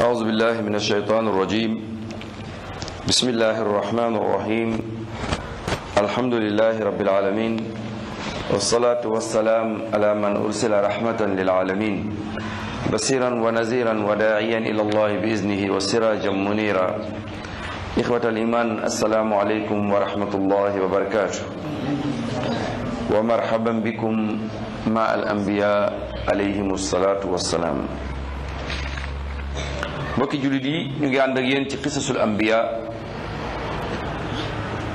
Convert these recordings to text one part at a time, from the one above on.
أعوذ بالله من الشيطان الرجيم بسم الله الرحمن الرحيم الحمد لله رب العالمين والصلاة والسلام على من أرسل رحمة للعالمين بصيرا ونذيرا وداعيا إلى الله بإذنه وسراجا منيرا إخوة الإيمان السلام عليكم ورحمة الله وبركاته ومرحبا بكم مع الأنبياء عليهم الصلاة والسلام mbokki jullit yi ñu ngi ànd ak yéen ci qisasul ambiya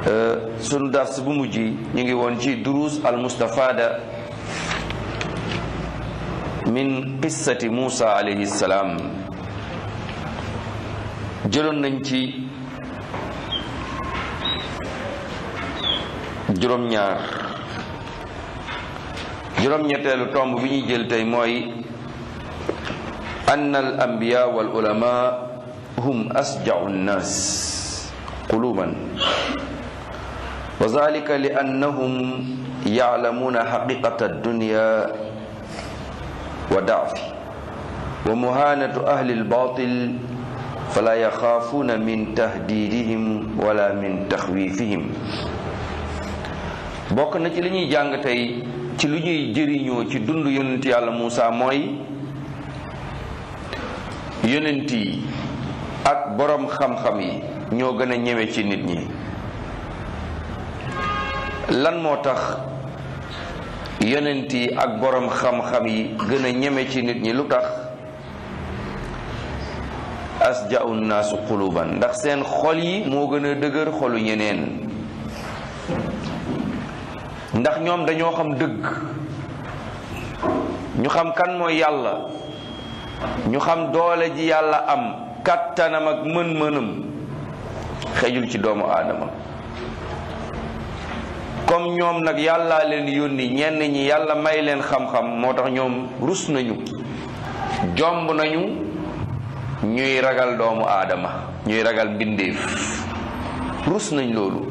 euh, sunu dars bu mujj ñu ngi woon ci duruus al mustafada min qissati Muusa alayhi salaam jëloon nañ ci juróom-ñaar juróom-ñetteelu tomb bi ñuy jël tey mooy anna al anbiya wal ulama hum asja'u nnaas quluban wa zalika li annahum ya'lamuna haqiqata ad-dunya wa da'fi wa muhanatu ahli al-batil fala yaxaafuuna min tahdidihim wala min taxwiifihim bokk na ci li ñuy jàng tey ci lu ñuy jëriñoo ci dund yonent yàlla Muusa mooy yonent yi ak boroom xam-xam yi ñoo gën a ñeme ci nit ñi lan moo tax yonent yi ak boroom xam-xam yi gën a ñeme ci nit ñi lu tax asja'u naasu quluban ndax seen xol yi moo gën a dëgër xolu ñeneen ndax ñoom dañoo xam dëgg ñu xam kan mooy yàlla ñu xam doole ji yàlla am kàttanam ak mën-mënam xejul ci doomu aadama comme ñoom nag yàlla leen yónni ñenn ñi yàlla may leen xam-xam moo tax ñoom rus nañu jomb nañu ñuy ragal doomu aadama ñuy ragal mbindéef rus nañ loolu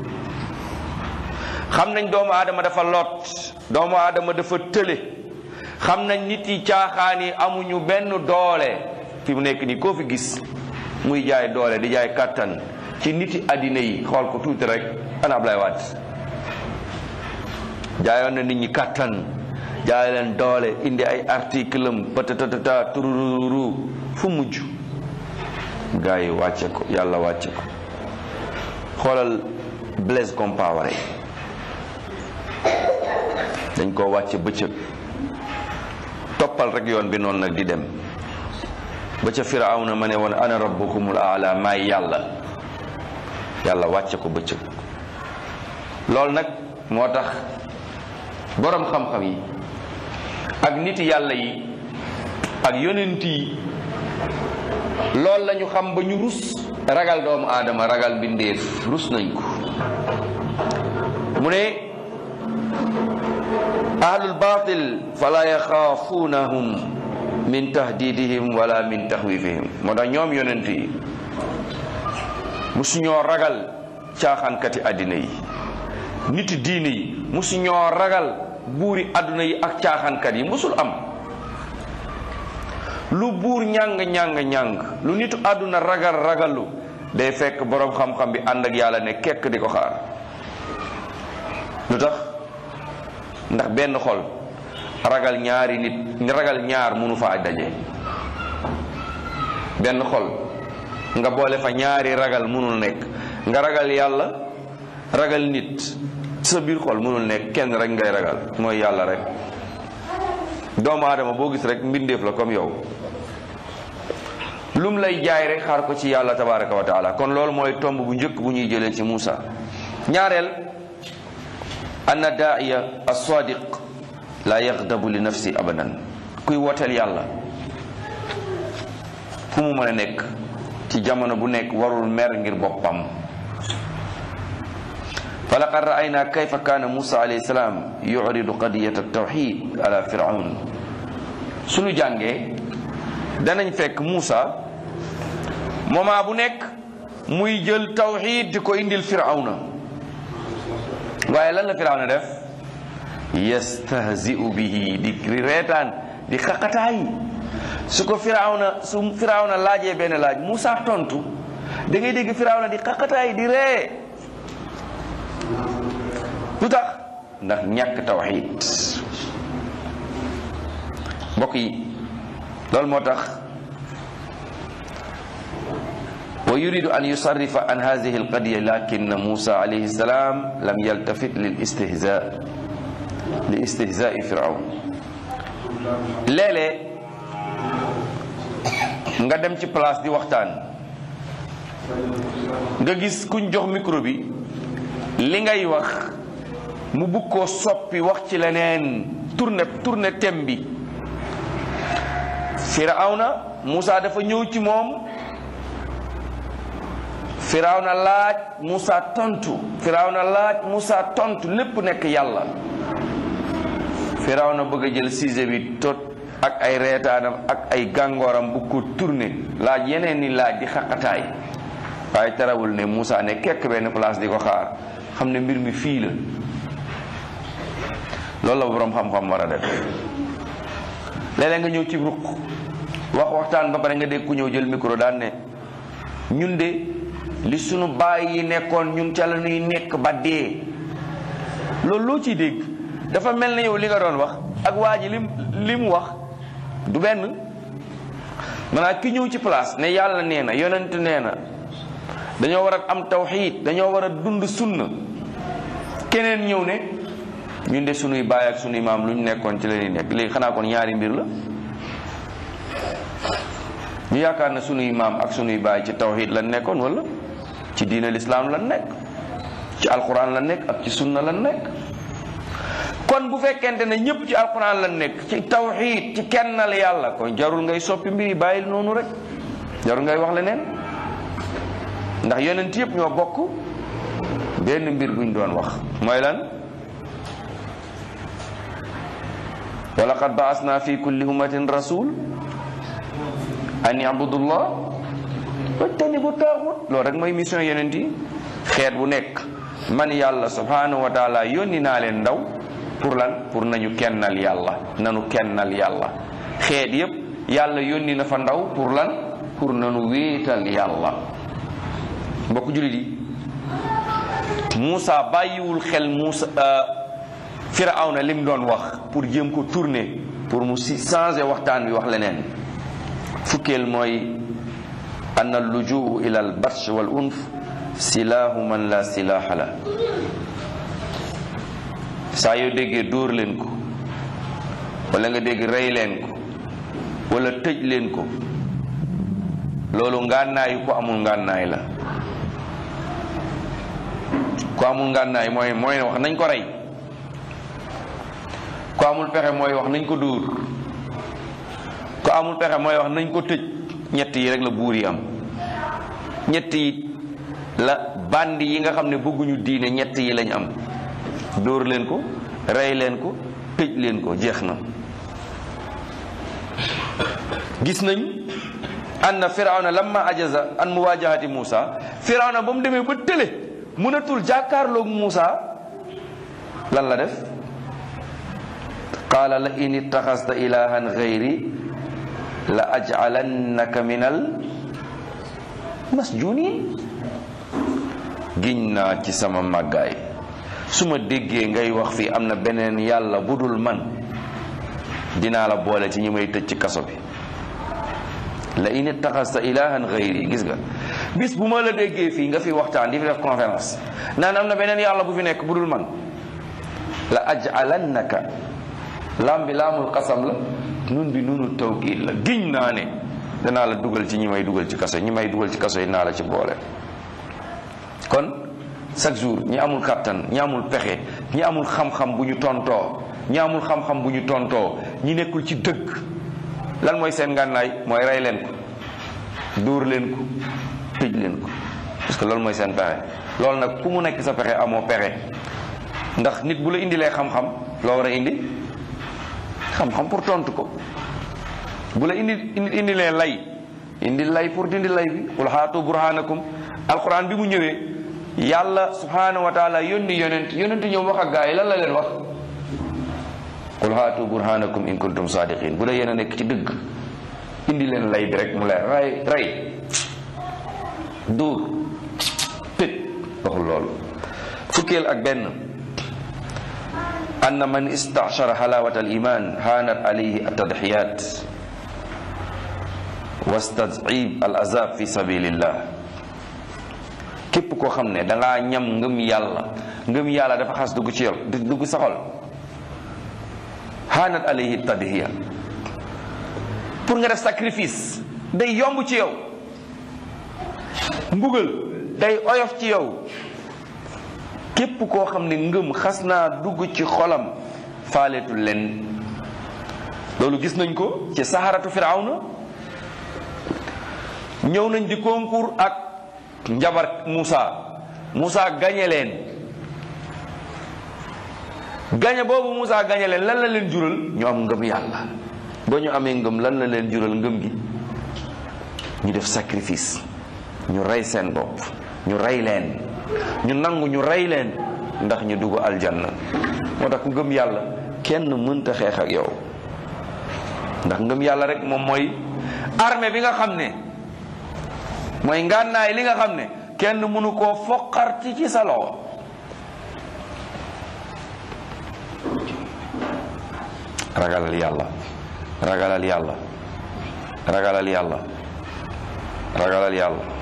xam nañ doomu aadama dafa lot doomu aadama dafa tële xam nañ nit yi caaxaan amuñu benn doole fi mu nekk nii koo fi gis muy jaay doole di jaay kàttan ci nit àddina yi xool ko tuuti rek ana Ablaye Wade jaayoon na nit ñi kàttan jaay doole indi ay article am patatatata turururu fu mujj gars yi wàcce ko yàlla wàcce ko xoolal Blaise Compaoré dañ koo wàcce bëccëg toppal rek yoon bi noonu nag di dem ba ca firawna ma ne woon ana rabbukumul aala maay yàlla yàlla wàcce ko bëccëg loolu nag moo tax boroom xam-xam yi ak nit yàlla yi ak yonent yi loolu lañu xam ba ñu rus ragal doomu aadama ragal bindeef rus nañ ko mu ne ahlul batil fala yaxaafuunahum min tahdidihim wala min taxwifihim moo tax ñoom yonent yi musu ñoo ragal caaxaankati àddina yi niti diine yi musu ñoo ragal buuri àdduna yi ak caaxaankat yi musul am lu buur ñàng-ñàng-ñàng lu nitu àdduna ragal ragalu day fekk boroom xam-xam bi ànd ak yàlla ne kekk di ko xaar lu tax ndax benn xol ragal ñaari nit ragal ñaar mënu faa daje benn xol nga boole fa ñaari ragal mënul nekk nga ragal yàlla ragal nit sa biir xol mënul nekk kenn rek ngay ragal mooy yàlla rek doomu aadama boo gis rek mbindeef la comme yow lum lay jaay rek xaar ko ci yàlla tabaraka wa taala kon loolu mooy tomb bu njëkk bu ñuy jëlee ci Muusa ñaareel anna daaiya as-sadiq laa yaxdabu li nafsi abadan kuy wooteel yàlla fu mu mën a nekk ci jamono bu nekk warul mer ngir boppam fa laqad ra'ayna kayfa kaana Musa alayhi salaam yuridu qadiyat at-tawxid ala firaun suñu jàngee danañ fekk Musa moment bu nekk muy jël tawxid di ko indil firawna waaye lan la Firawna def yastahzi'u bihi di reetaan di xaqataay su ko Firawna su Firawna laajee benn laaj Moussa tontu da ngay dégg Firawna di xaqataay di ree lu tax ndax ñàkk tawxiid mbokk yi loolu moo tax wa yuridu an yusarrifa an hadhihi alqadiya lakin Musa alayhi salam lam yaltafit lil istihza li firawn léeg nga dem ci place di waxtaan nga gis kuñ jox micro li ngay wax mu bugg koo soppi wax ci leneen tourné tourné thème bi firawna Musa dafa ñëw ci moom na laaj Moussa tontu na laaj Moussa tontu lépp nekk yàlla na bëgg a jël siise bi tot ak ay reetaanam ak ay gàngooram bu ko tourné laaj yeneen ni laaj di xaqataay waaye tarawul ne Moussa ne kekk benn place di ko xaar xam ne mbir mi fii la loolu la boroom xam-xam war a def léeg nga ñëw ci ruq wax waxtaan ba pare nga dégg ku ñëw jël micro daan ne ñun de li sunu baay yi nekkoon ñun ca la ñuy nekk ba dee loolu loo ciy dégg dafa mel ne ñëw li nga doon wax ak waa ji lim li mu wax du benn manaat ki ñëw ci place ne yàlla nee na yonent nee na dañoo war a am tawxiid dañoo war a dund sunna keneen ñëw ne ñun de sunuy baay ak sunuy maam lu ñu nekkoon ci la nekk léegi xanaa kon ñaari mbir la ñu yaakaar na sunuy maam ak sunuy baay ci tawxiid la nekkoon wala ci diina lislaam lan nekk ci alquran lan nekk ak ci sunna lan nekk kon bu fekkente ne ñëpp ci alquran lan nekk ci tawxiid ci kennal yàlla kon jarul ngay soppi mbir yi bàyyil noonu rek jarul ngay wax leneen ndax yonent yëpp ñoo bokk benn mbir buñ doon wax mooy lan walaqad baasna fi kulli ummatin rasul an yabudullah wajtani bu taaxut loolu rek mooy mission yeneen yi xeet bu nekk man yàlla subhanahu wa taala naa leen ndaw pour lan pour nañu kennal yàlla nanu kennal yàlla xeet yépp yàlla yónni na fa ndaw pour lan pour nanu wéetal yàlla mbokk jullit yi Moussa bàyyiwul xel Moussa euh, na lim doon wax pour jëm ko tourner pour mu si changer waxtaan wi wax leneen fukkeel mooy anna al-lujuu ila al-batsh wal unf silaahu man la silaaha la saa yoo déggee dóor leen ko walla nga dégg rey leen ko wala tëj leen ko loolu ngànnaayu ko amul ngànnaay la ku amul ngànnaay mooy mooy wax nañ ko rey ku amul pexe mooy wax nañ ko dóor ku amul pexe mooy wax nañ ko tëj ñett yi rek la buur yi am ñett yi la bandi yi nga xam ne bëgguñu diine ñett yi lañ am dóor leen ko rey leen ko tëj leen ko jeex na gis nañ anna na lamma ajaza an muwajahati Muusa firawna ba mu demee ba tële mënatul jàkkaarloog Muusa lan la def qaala la in ittaxasta ilahan gayri la aj'alannaka minal masjunin giñ naa ci sama màggaay su ma déggee ngay wax fii am na beneen yàlla bu dul man dinaa la boole ci ñu may tëj ci kaso bi la in sa ilahan xayri gis nga bis bu ma la déggee fii nga fi waxtaan di fi def conférence naan am na beneen yàlla bu fi nekk bu dul man la aj'alannaka laam bi laamul qasam la nun bi nunu tawkiil la giñ naa ne danaa la dugal ci ñi may dugal ci kaso ñi may dugal ci kaso yi naa la ci boole kon chaque jour ñi amul kàttan ñi amul pexe ñi amul xam-xam bu ñu tontoo ñi amul bu ñu tontoo ñi nekkul ci dëgg lan mooy seen ngànnaay mooy rey leen ko dóor leen ko tëj leen ko parce que loolu mooy seen pexe loolu nag ku mu nekk sa pexe amoo pexe ndax nit bu la indilee xam-xam loo war a indi xam-xam pour tontu ko bu la indi indi lee lay indi lay pour dindi lay bi qul haatu burhanakum alquran bi mu ñëwee yàlla subhanahu wa taala yónni yonent yonent ñëw wax a gaa yi lan la leen wax qul haatu burhanakum in kuntum sadiqin bu dee yéen a nekk ci dëgg indi leen lay bi rek mu leer ray duur tëj waxul loolu fukkeel ak benn an man istashara halawat al iman hanat alayhi atadhiyat wastadib al azab fi sabilillah képp koo xam ne dangaa ñam ngam yàlla ngëm yàlla dafa xas dugg ci yow dugg sa xol hanat alayhi tadhiya nga def sacrifice day yomb ci yow mbugal day oyof ci yow képp koo xam ne ngëm xas naa dugg ci xolam faaleetul leen loolu gis nañ ko ci saxaratu saharatu na ñëw nañ di concours ak njabar Moussa Moussa gañe leen gañe boobu Moussa gañe leen lan la leen jural ñu am ngëm yàlla ba ñu amee ngëm lan la leen jural ngëm gi ñu def sacrifice ñu rey seen bopp ñu rey leen ñu nangu ñu rey leen ndax ñu dugg aljanna moo tax ku gëm yàlla kenn mënta xeex ak yow ndax ngëm yàlla rek moom mooy armée bi nga xam ne mooy ngànnaay li nga xam ne kenn mënu koo foqarti ci sa loxo ragalal yàlla ragalal yàlla ragalal yàlla ragalal yàlla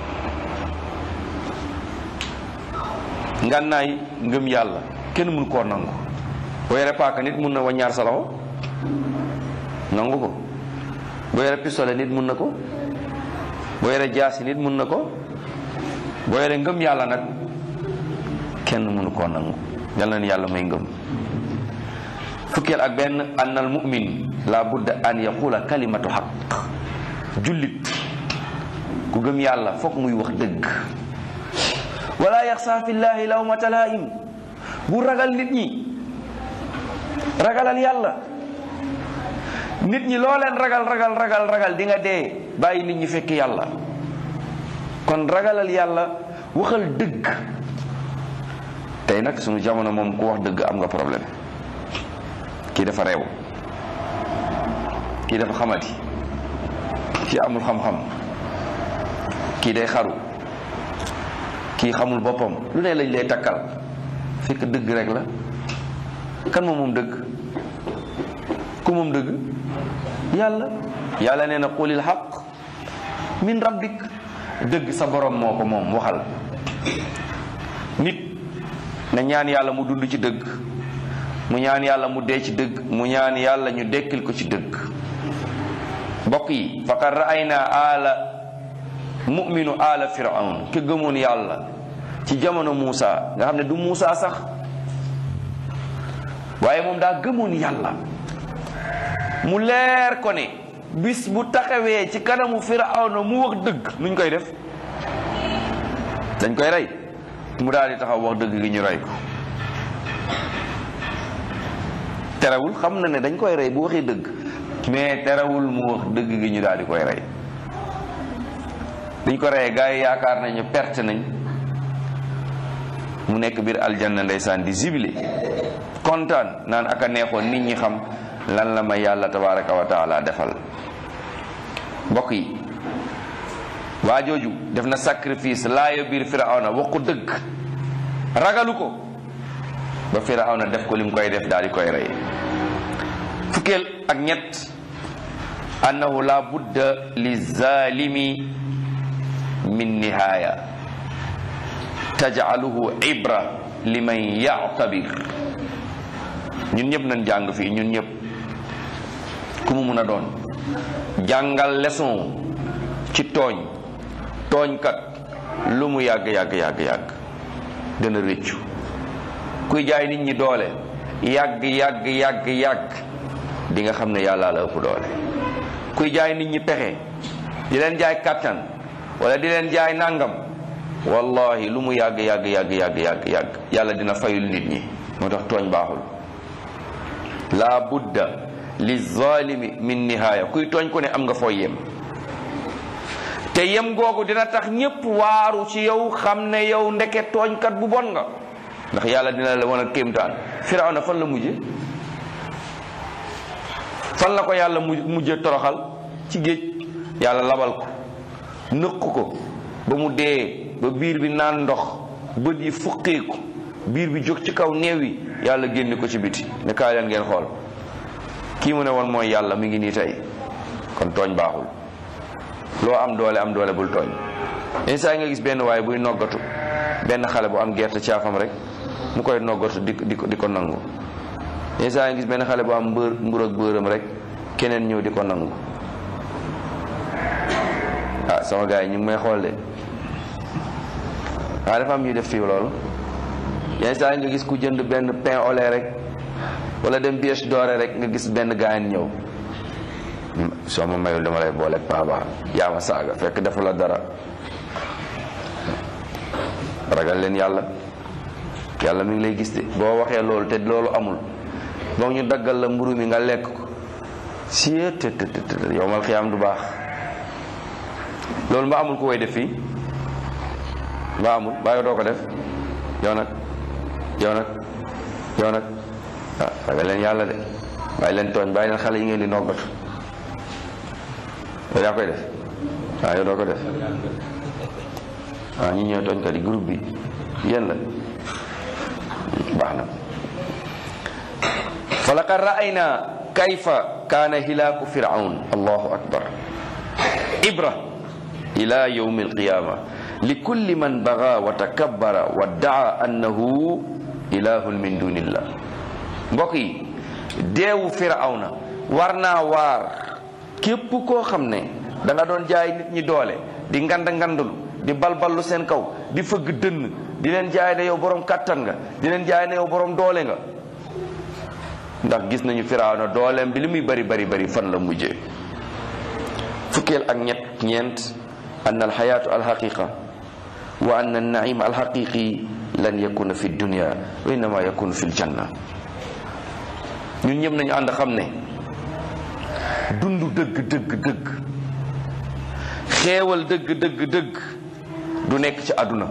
ngànnaay ngëm yàlla kenn mun koo nangu boo yore paaka nit mun na waññaar ñaar loxo nangu ko boo yore pistolet nit mun na ko boo yore jaasi nit mun na ko boo yore ngëm yàlla nag kenn munu koo nangu yal na yàlla may ngëm fukkeel ak benn ann al mu'min la an yaqula kalimatu xaq jullit ku gëm yàlla foog muy wax dëgg wala yaxsa fillaahi lawmata laa'im bu ragal nit ñi ragalal yàlla nit ñi loo ragal ragal ragal ragal di nga dee bàyyi nit ñi fekk yàlla kon ragalal yàlla waxal dëgg tey nag sunu jamono moom ku wax dëgg am nga problème kii dafa réew kii dafa xamati kii amul xam-xam kii day xaru kii xamul boppam lu ne lañ lay takkal fekk dëgg rek la kan moom moom dëgg ku moom dëgg yàlla yàlla nee na qulil xaq min rabbik dëgg sa borom moo ko moom waxal nit na ñaan yàlla mu dund ci dëgg mu ñaan yàlla mu dee ci dëgg mu ñaan yàlla ñu dekkil ko ci dëgg mbokk yi faqad ra'ayna aala mu'minu aala firawn ke gëmoon yàlla ci jamono Moussa nga xam ne du muusa sax waaye moom daa gëmoon yàlla mu leer ko ne bis bu taxawee ci kanamu Firawna mu wax dëgg nuñ koy def dañ koy rey mu daal di taxaw wax dëgg gi ñu rey ko terewul xam na ne dañ koy rey bu waxee dëgg mais terewul mu wax dëgg gi ñu daal di koy rey dañ ko reyee gars yi yaakaar nañu perte nañ mu nekk biir aljanna ndeysaan di zibilé kontaan naan aka neexoon nit ñi xam lan la ma yàlla tabaraka wa taala defal mbokk yi waa jooju def na sacrifice laayo biir firawna wax ko dëgg ragalu ko ba na def ko lim koy def daal di koy rey fukkeel ak ñett annahu la budda li zalimi min nihaaya tajcaluhu ibra li may liman yactabir ñun ñëpp nañ jàng fii ñun ñëpp ku mu mun a doon jàngal leçon ci tooñ tooñkat lu mu yàgg yàgg yàgg yàgg dana rëccu kuy jaay nit ñi doole yàgg yàgg yàgg yàgg di nga xam ne yàllaa la ëpp doole kuy jaay nit ñi pexe di leen jaay kàttan wala di leen jaay nàngam wallahi lu mu yàgg yàgg yàgg yàgg yàgg yàgg yàlla dina fayul nit ñi moo tax tooñ baaxul laa budda li zalimi min nihaaya kuy tooñ ku ne am nga foo yem te yem googu dina tax ñépp waaru ci yow xam ne yow ndeke tooñkat bu bon nga ndax yàlla dina la wan a kéemtaan firawna fan la mujje fan la ko yàlla mujj toroxal ci géej yàlla labal ko nëkk ko ba mu dee ba biir bi naan ndox bët yi fuqeeku biir bi jóg ci kaw néew yi yàlla génn ko ci biti ne kaay leen ngeen xool kii mu ne woon mooy yàlla mi ngi nii tey kon tooñ baaxul loo am doole am doole bul tooñ instant nga gis benn waaye buy noggatu benn xale bu am gerte caafam rek mu koy noggatu di di di ko nangu instant nga gis benn xale bu am mbër mbur ak bëram rek keneen ñëw di ko nangu ah sama gars yi ñu ngi may xool de waaye dafa am ñuy def fii loolu yenn saa yi nga gis ku jënd benn pain au rek walla dem bièche doore rek nga gis benn gaayan ñëw hmm, soo ma mayul dama lay booleeg paaba yaa ma saaga fekk defu dara ragal leen yàlla yàlla mi ngi lay gis de boo waxee loolu te loolu amul boog ñu daggal la mburu mi nga lekk ko si te te te yow mal xiyaam du baax loolu ma amul ku koy def fii ba amul ba yow doo ko def yow nag ah, yàlla de bàyyi leen tooñ xale yi ngeen di noggatu yow yaa koy def waaw ah, yow doo ko def waaw ah, ñi ñëw tooñkat yi baax na fa laqad ra'ayna kayfa kaana hilaaku firaun allahu akbar ibra ila yawmi alqiyama li kulli man baga wa takabbara wa daa annahu ilahun min dunillah mbokk yi deewu firawna war naa waar képp koo xam ne danga doon jaay nit ñi doole di ngand ngandul di balballu seen kaw di fëgg dënn di leen jaay ne yow boroom kàttan nga di leen jaay ne yow borom doole nga ndax gis nañu firawna dooleem bi li muy bari bari bari fan la mujjee fukkeel ak ñett ñeent an alxayaatu alxaqiqa wa anna naim alxaqiqi lan yakuna fi dunia wa innama yakunu fi ljanna ñun ñëpp nañu ànd xam ne dund dëgg dëgg dëgg xeewal dëgg dëgg du nekk ci àdduna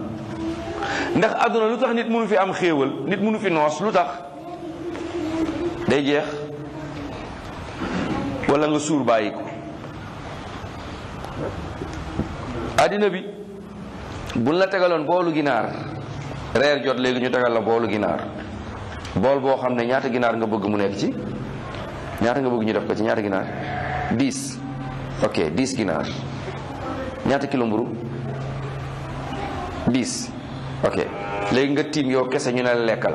ndax àdduna lu tax nit mënu fi am xéewal nit mënu fi noos lu tax day jeex walla nga suur bàyyi ko bi buñ la tegaloon boolu ginaar reer jot léegi ñu tegal la boolu ginaar bool boo xam ne ñaata ginaar nga bëgg mu nekk ci ñaata nga bëgg ñu def ko ci ñaata ginaar 10 ok 10 ginaar ñaata kilo mburu 10 ok léegi nga tiim yow kese ñu ne la lekkal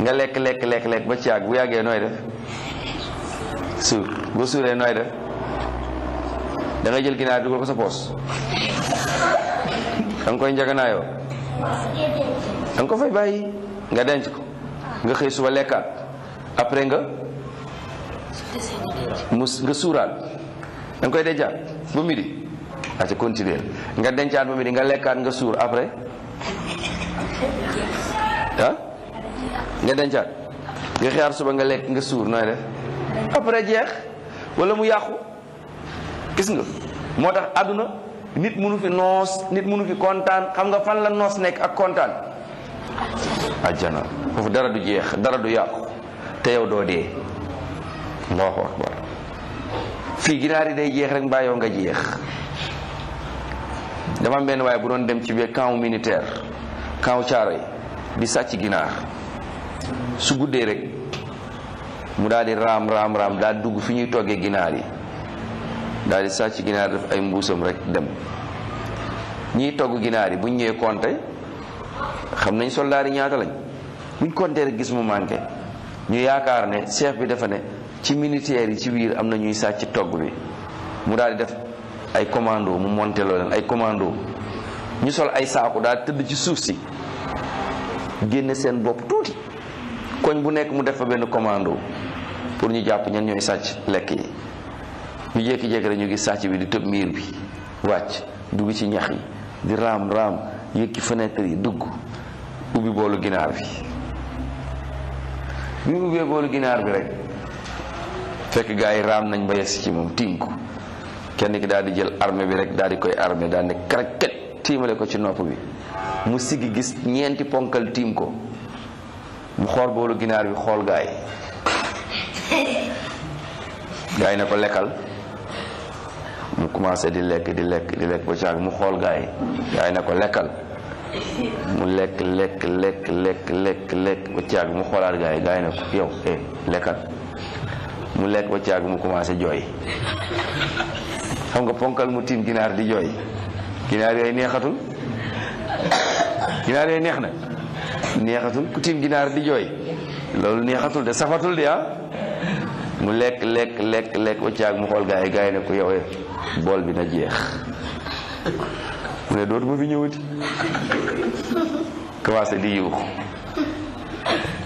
nga lekk lekk lekk lekk ba ci yàgg bu yàggee nooy def suur boo suuree nooy def da jël ginaar dugal ko sa poos da nga koy njaganaayoo da nga ko fay bàyyi nga denc ko nga xëy suba lekkaat après nga mu nga suuraal da koy dencaat ba midi a ca nga dencaat ba midi nga lekkaat nga suur après nga dencaat nga xaar suba nga lekk nga suur nooy def après jeex walla mu yàqu gis nga moo tax àdduna nit mënu fi noos nit mënu fi kontaan xam nga fan la noos nekk ak kontaan ajjana foofu dara du jeex dara du yàqu te yow doo dee fii ginaar yi day jeex rek mbaa nga jeex dama am benn waaye bu doon dem ci biir kaw militaire kaw caaro yi di sàcc ginaar su guddee rek mu daal di raam raam raam daal dugg fi ñuy toggee ginaar yi daal di sàcc ginaar def ay mbuusam rek dem ñiy togg ginaar yi buñ ñëwee compter xam nañ soldaar yi ñaata lañ buñ compter rek gis mu manqué ñu yaakaar ne chef bi dafa ne ci militaire yi ci wiir am na ñuy sàcc togg bi mu daal di def ay commando mu monté loo leen ay commando ñu sol ay saaku daal tëdd ci suuf si génne seen bopp tuuti koñ bu nekk mu def fa benn commando pour ñu jàpp ñan ñooy sàcc lekk yi ñu jékki-jékki rek ñu gis sàcc bi di tëb miir bi wàcc dugg ci ñax yi di raam raam yëkki fenêtre yi dugg ubbi boolu ginaar bi bi ubbee boolu ginaar bi rek fekk gars yi raam nañ ba yes ci moom tiim ko kenn ki daal di jël arme bi rek daal di koy armée daal ne karaket tiimale ko ci nopp bi mu siggi gis ñeenti ponkal tiim ko mu xool boolu ginaar bi xool gars yi gars yi ko lekkal mu commencé di lekk di lekk di lekk ba caag mu xool gaa yi na yi ko lekkal mu lekk lekk lekk lekk lekk lekk ba caag mu xoolaat gaa yi gaa yi ne ko yow eh mu lekk ba caag mu commencé jooy xam nga ponkal mu tiim ginaar di jooy ginaar yooyu neexatul ginaar yooyu neex na neexatul ku tiim ginaar di jooy loolu neexatul de safatul de ah. mu lekk lekk lekk lekk ba caag mu xool gaa yi gaa yi ne yow eh, bool bi na jeex mu ne dootuma fi ñëwati commencé di yuuxu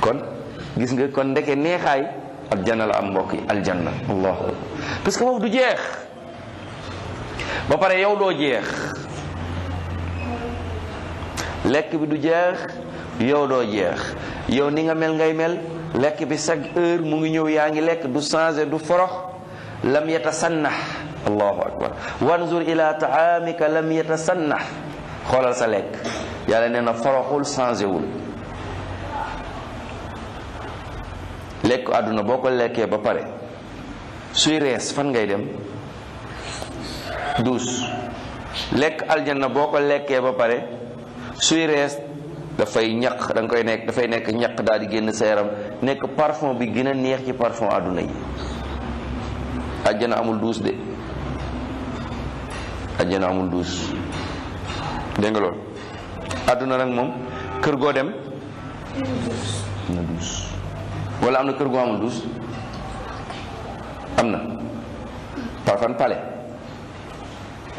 kon gis nga kon ndeke neexaay aljanna la am mbokk yi aljanna allah parce que foofu du jeex ba pare yow doo jeex lekk bi du jeex yow doo jeex yow ni nga mel ngay mel lekk bi chaque heure mu ngi ñëw yaa ngi lekk du changé du forox lam yatasannax allahu akbar wanzur ila taamika lam yatasanna xoolal sa lekk yàlla nee na foroxul changé wul lekk àdduna boo ko lekkee ba pare suy rees fan ngay dem duus lekk aljanna boo ko lekkee ba pare suy rees dafay ñaq danga koy nekk dafay nekk ñaq daal di génn sa yaram nekk parfum bi gën neex ci parfum àdduna yi aljanna amul duus de àjjana amul duus dégg nga loolu àdduna nag moom kër goo dem na wala am na kër goo amul duus am na par fan pale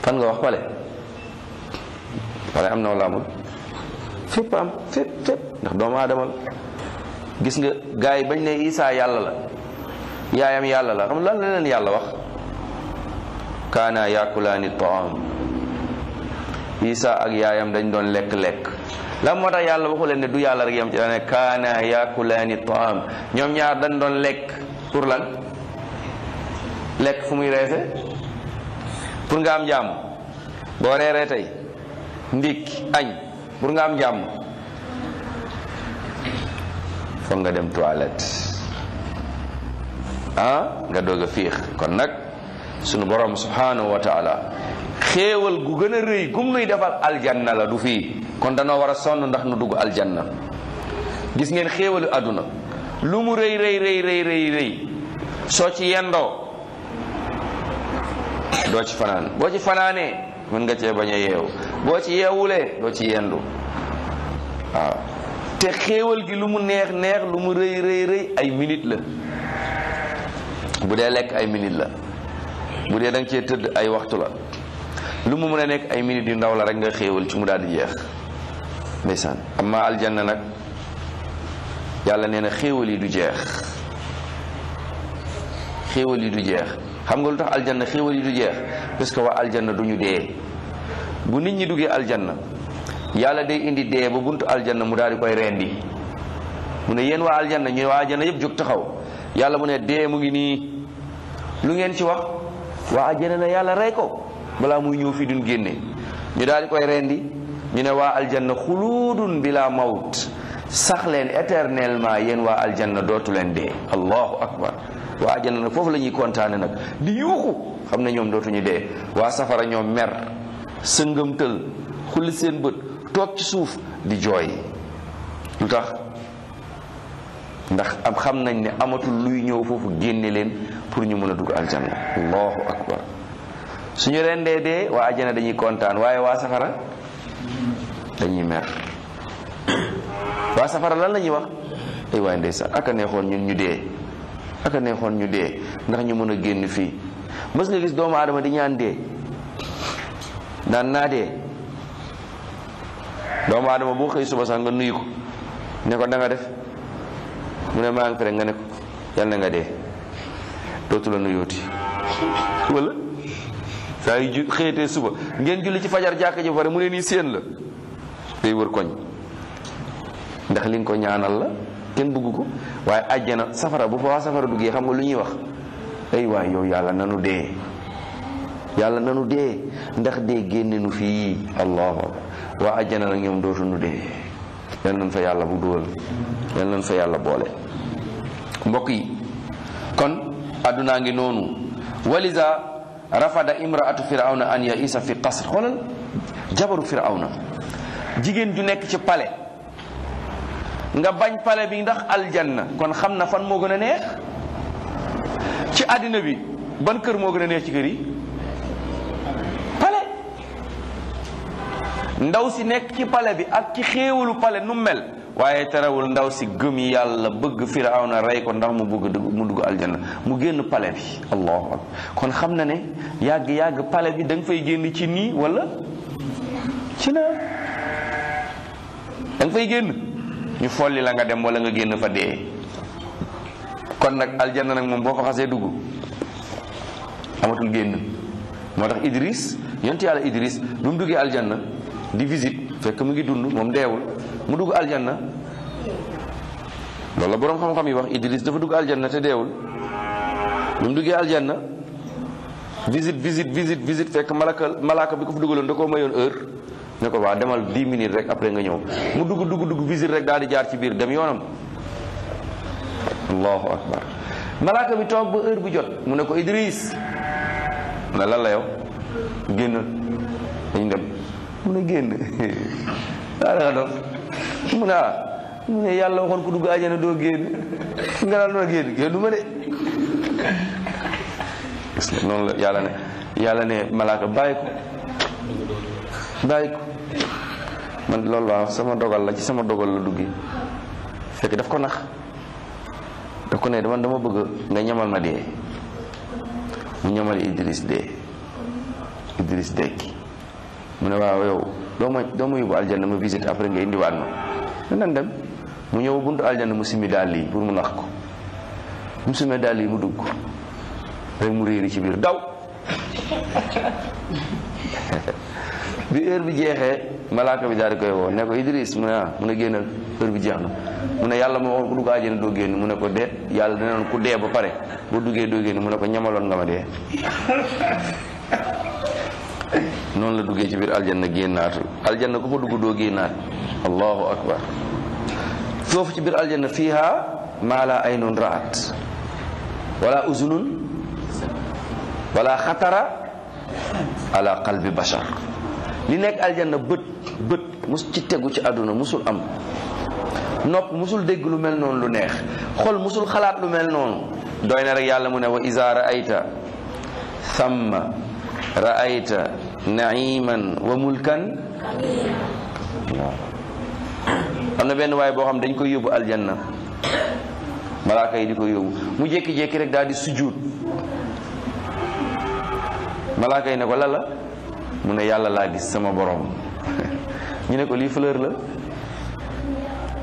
fan nga wax pale pale am na wala amul fépp am fépp ndax doomu aadama gis nga gars yi bañ ne Isaa yàlla la yaayam yàlla la am lan la leen yàlla wax kaana yaakulaani taam isa ak yaayam dañ doon lekk-lekk lan moo tax yàlla waxu leen ne du yàlla rek yam ci daane kaana yaakulaani taam ñoom ñaar dañ doon lekk pour lan lekk fu muy reese pour nga am jàmm boo reeree tey ndikk añ pour nga am jàmm foog nga dem toilette ah nga doog a fiix kon nag sunu borom subhanahu wa taala xéewal gu gën a rëy gum nuy defal aljanna la du fii kon danoo war a sonn ndax nu dugg aljanna gis ngeen xéewalu àdduna lu mu rëy rëy rëy rëy rëy rëy soo ci yendoo doo ci fanaan boo ci fanaanee mën nga cee bañ a yeewu boo ci yeewulee doo ci yendu waaw te xéewal gi lu neex neex lu mu rëy rëy ay minit la bu dee lekk ay minute la bu dee da nga cee tëdd ay waxtu la lu mu mun a nekk ay minutes yu ndaw la rek nga xéewal ci mu daal di jeex ndeysaan amma aljanna nag yàlla nee na xéewal yi du jeex xéewal yi du jeex xam nga lu tax aljanna xéewal yi du jeex parce que waa aljanna du ñu dee bu nit ñi duggee na yàlla day indi dee ba bunt buntu aljanna mu daal di koy rendi mu ne yéen waa aljanna ñu waa aljanna yëpp jóg taxaw yàlla mu ne dee mu ngi nii lu ngeen ci wax waa ajjana na yàlla rey ko balaa muy ñëw fii duñ génne ñu daal di koy rendi ñu ne waa aljanna xuluudun bilaa mawt sax leen éternellement yéen waa aljanna dootu leen dee allahu akbar waa aljanna nag foofu la ñuy kontaane nag di yuuxu xam ne ñoom dootuñu dee waa safara ñoom mer sëngëmtël xulli seen bët toog ci suuf di jooy lu tax ndax am xam nañ ne amatul luy ñëw foofu génne leen pour ñu mën a dugg aljanna allahu akbar suñu rendee dee waa ajjana dañuy kontaan waaye waa safara dañuy mer waa safara lan la ñuy wax ay waaye ndeysaan ak a neexoon ñun ñu dee ak a neexoon ñu dee ndax ñu mën a génn fii mës nga gis doomu aadama di ñaan dee daan naa dee doomu aadama boo xëy suba sax nga nuyu ko ne ko def mu ne maa ngi fi nga ne ko yal na nga dee dootu la nuyooti walla saa yu ju xëyatee suba ngeen julli ci fajar jàkka ji ba pare mu ne nii séen la day wër koñ ndax li nga ko ñaanal la kenn bëgg ko waaye àjjana safara bu fa waa safara duggee xam nga lu ñuy wax ay waay yow yàlla nanu dee yàlla nanu dee ndax dee génne nu fii allahu akbar waa àjjana nag ñoom dootuñu dee yal nañ fa yàlla bu dóol yal nañ fa yàlla boole mbokk yi kon addunaa ngi noonu walisa rafada imraatu firawna an yaisa fi qasr xoolal jabaru firawna jigéen ju nekk ci pale nga bañ pale bi ndax aljanna kon xam na fan moo gën a neex ci àddina bi ban kër moo gën a neex ci kër yi pale ndaw si nekk ci pale bi ak ci xéewalu pale nu mel waaye terewul ndaw si gëm yàlla bëgg na rey ko ndax mu bëgg dugg mu dugg aljanna mu génn pale bi allahu akbar kon xam na ne yàgg yàgg pale bi danga nga fay génn ci nii wala ci na da fay génn ñu folli la nga dem wala nga génn fa dee kon nag aljanna nag moom boo fa xasee dugg amatul génn moo tax Idris yonent yàlla Idris bi mu duggee aljanna di visite fekk mu ngi dund moom deewul mu dugg aljanna loolu la boroom xam-xam yi wax Idris dafa dugg aljanna te deewul bi mu duggee aljanna visite visit visite visite fekk malaka malaka bi ko fa dugaloon da koo mayoon heure ne ko waa demal 10 minutes rek après nga ñëw mu dugg dugg dugg rek daal di jaar ci biir dem yoonam allahu akbar malaka bi toog ba heure bu jot mu ne ko Idris ne lan la yow génn dañ dem mu ne génn mu ne ah mu yàlla waxoon ku dugg àjjana doo génn nga daal doo génn génn du de la yàlla ne yàlla ne malaaka bàyyi ko man loolu laa sama dogal la ci sama dogal la duggee fekk daf ko nax daf ko ne man dama bëgg nga ñamal ma dee mu ñamal Idris dee Idris dekki mu ne waaw yow doo ma doo ma yóbbu aljanna ma visite après nga indiwaat ma nan dem mu ñëw buntu aljana mu simi dàll yi pour mu nax ko mu simee dàll yi mu dugg rek mu réeri ci biir daw bi heure bi jeexee malaaka bi daal di koy woo ne ko Idris mu ne ah mu génnal heure bi jeex na mu ne yàlla moo waxoon ku dugg àjjana doo génn mu ne ko dee yàlla dina doon ku dee ba pare boo duggee doo génn mu ne ko ñamaloon nga ma dee noonu la duggee ci biir aljanna génnaatul aljanna ku fa dugg doo génnaat allahu akbar foofu ci biir aljanna fiiha maa la aynun raat wala uzunun wala xatara ala qalbi bashar li nekk aljanna bët bët mus ci tegu ci àdduna musul am nopp musul dégg lu mel noonu lu neex xol musul xalaat lu mel noonu doy na rek yàlla mu ne wa iza ra'ayta thamma ra'ayta naiman wa mulkan am na benn waaye boo xam dañ koy yóbbu aljanna malaaka yi di ko yóbbu mu jékki-jékki rek daal di sujjuut malaaka yi ne ko la mu ne yàlla laa gis sama borom ñu ne ko lii fleur la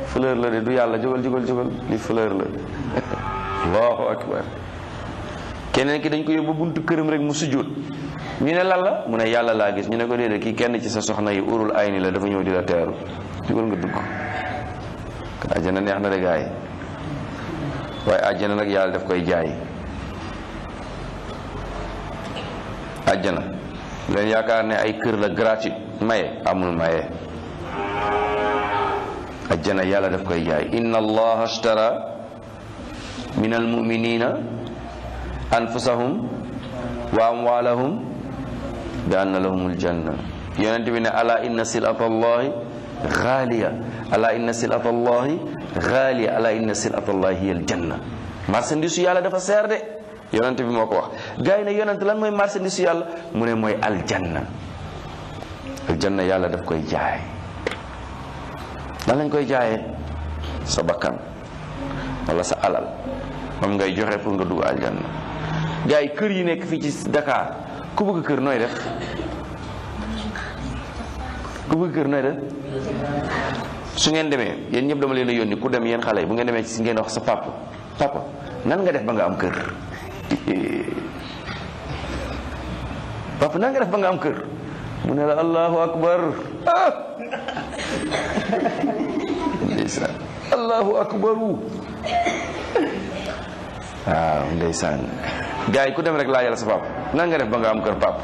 fleur la de du yàlla jógal jógal jógal lii fleur la allahu akbar keneen ki dañ ko yóbbu buntu këram rek mu sujjuut ñu ne lan la mu ne yàlla laa gis ñu ne ko déedéet kii kenn ci sa soxna yi urul ay ni la dafa ñëw di la teeru dugal nga dugg àjjana neex na de gaay waaye àjjana nag yàlla daf koy jaay àjjana yaakaar ne ay kër la gratuit maye amul maye àjjana yàlla def koy jaay inna allaha ashtara min almuminina anfusahum wa amwalahum bi anna lahumul janna yonent bi ne ala inna silatallahi xaaliya ala inna silatallahi xaaliya ala inna silatallahi hiyal janna marchandise su yàlla dafa seer de yonent bi moo ko wax gars yi ne lan mooy marchandise su mu ne mooy aljanna aljanna yàlla daf koy jaay lan lañ koy jaayee sa bakkan wala sa alal moom ngay joxe pour nga dugg aljanna gars kër yi nekk fii ci Dakar ku bëgg kër nooy def ku bëgg kër nooy def su ngeen demee yéen ñëpp dama leen a yónni ku dem yéen xale yi bu ngeen demee ci ngeen wax sa papa papa nan nga def ba nga am kër papa nan nga def ba nga am kër mu ne la allahu akbar ah ndeysaan allahu akbaru ah, gars yi ku dem rek laa yàlla sa papa nan nga def ba nga am kër papa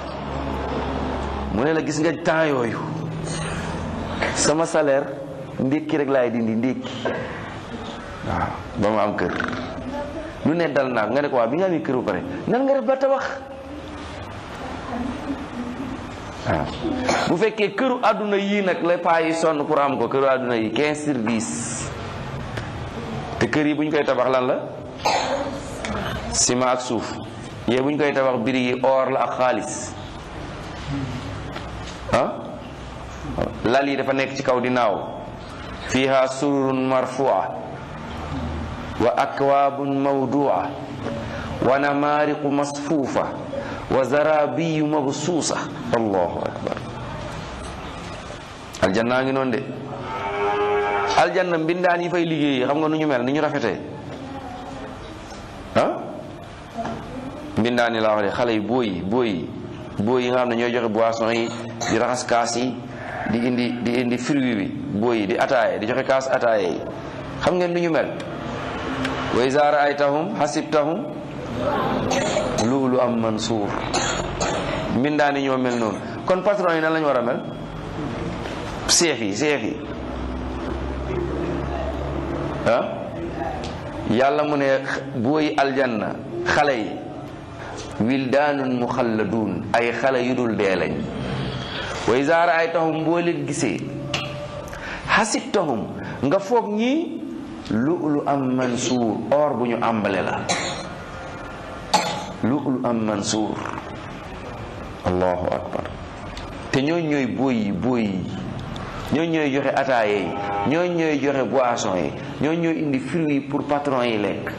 mu ne la gis nga temps yooyu sama salaire ndékki rek laay dindi ndékki waaw ba ma am kër lu ne dal naa nga ne ko waa bi nga amee kër ba pare nan nga def ba tabax waaw bu fekkee këru àdduna yii nag la paa sonn pour am ko këru àdduna yi 15 sur 10 te kër yi bu ñu koy tabax lan la ciment ak suuf yee bu ñu koy tabax biri yi or la ak xaalis lal yi dafa nekk ci kaw di naaw fiha sururun marfua wa akwaabun mawdua wa namaariqu masfuufa wa zarabiyu mabsuusa allahu akbar aljanna ngi noonu de aljanna mbindaan yi fay liggéey xam nga nu ñu mel ni ñu rafetee ah mbindaani laa wax de xale yi booy yi booy yi booy yi nga xam ne ñooy joxe boisson yi di raxas kaas yi di indi di indi fruit booy yi di ataaye di joxe kaas ataaye yi xam ngeen lu ñu mel wa iza raaytahum lu luulu am mansuur mbindaani ñoo mel noonu kon patron yi na lañu war a mel seef yi seef yi ah? yàlla mu ne booy na xale yi wildaanun muxalladuun ay xale yu dul dee lañ way zaara ay taxum boo leen gisee xasib taxum nga foog ñi lu lu am mansuur or bu ñu àmbale la lu lu am mansuur allahu akbar te ñooñ ñooy bóoy yi bóoy yi ñooñ joxe ataaye yi ñooñ joxe boisson yi ñooñ ñooy indi fruits yi pour patron yi lekk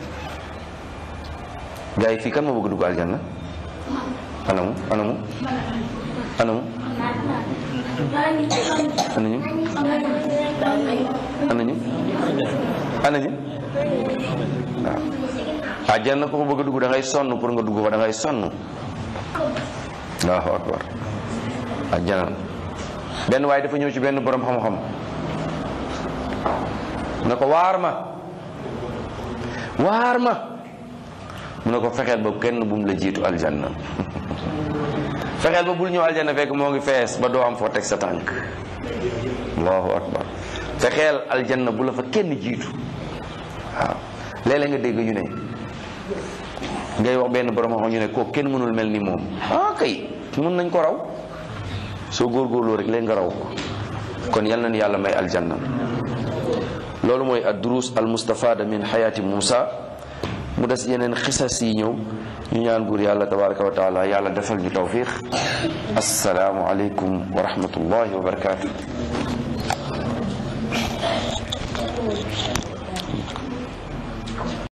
gaa yi fii kan moo bëgg dugg aljanna anamu anamu anamu anañu anañu anañu waaw aljanna ku ko bëgg dugg da ngay sonn pour nga dugg fa da sonnu sonn allahu akbar aljanna benn waaye dafa ñëw ci benn boroom xam-xam na ko waar ma waar ma mu ne ko fexeel ba kenn bu mu la jiitu aljanna fexeel ba bul ñëw aljanna fekk moo ngi fees ba doo am foo teg sa tànk allahu akbar fexeel aljanna bu la fa kenn jiitu waaw léeg-léeg nga dégg ñu ne ngay wax benn borom xam ñu ne koo kenn mënul mel ni moom ah kay mën nañ ko raw soo góorgóorloo rek léegi nga raw ko kon yal nañu yàlla may aljanna loolu mooy ad-duruus min xayaati Muusa mu des yeneen xisas yi ñëw ñu ñaan buur yàlla tabaraka wa taala yàlla defal ñu tawfiq asalaamualeykum wa rahmatullahi wa barakaatu.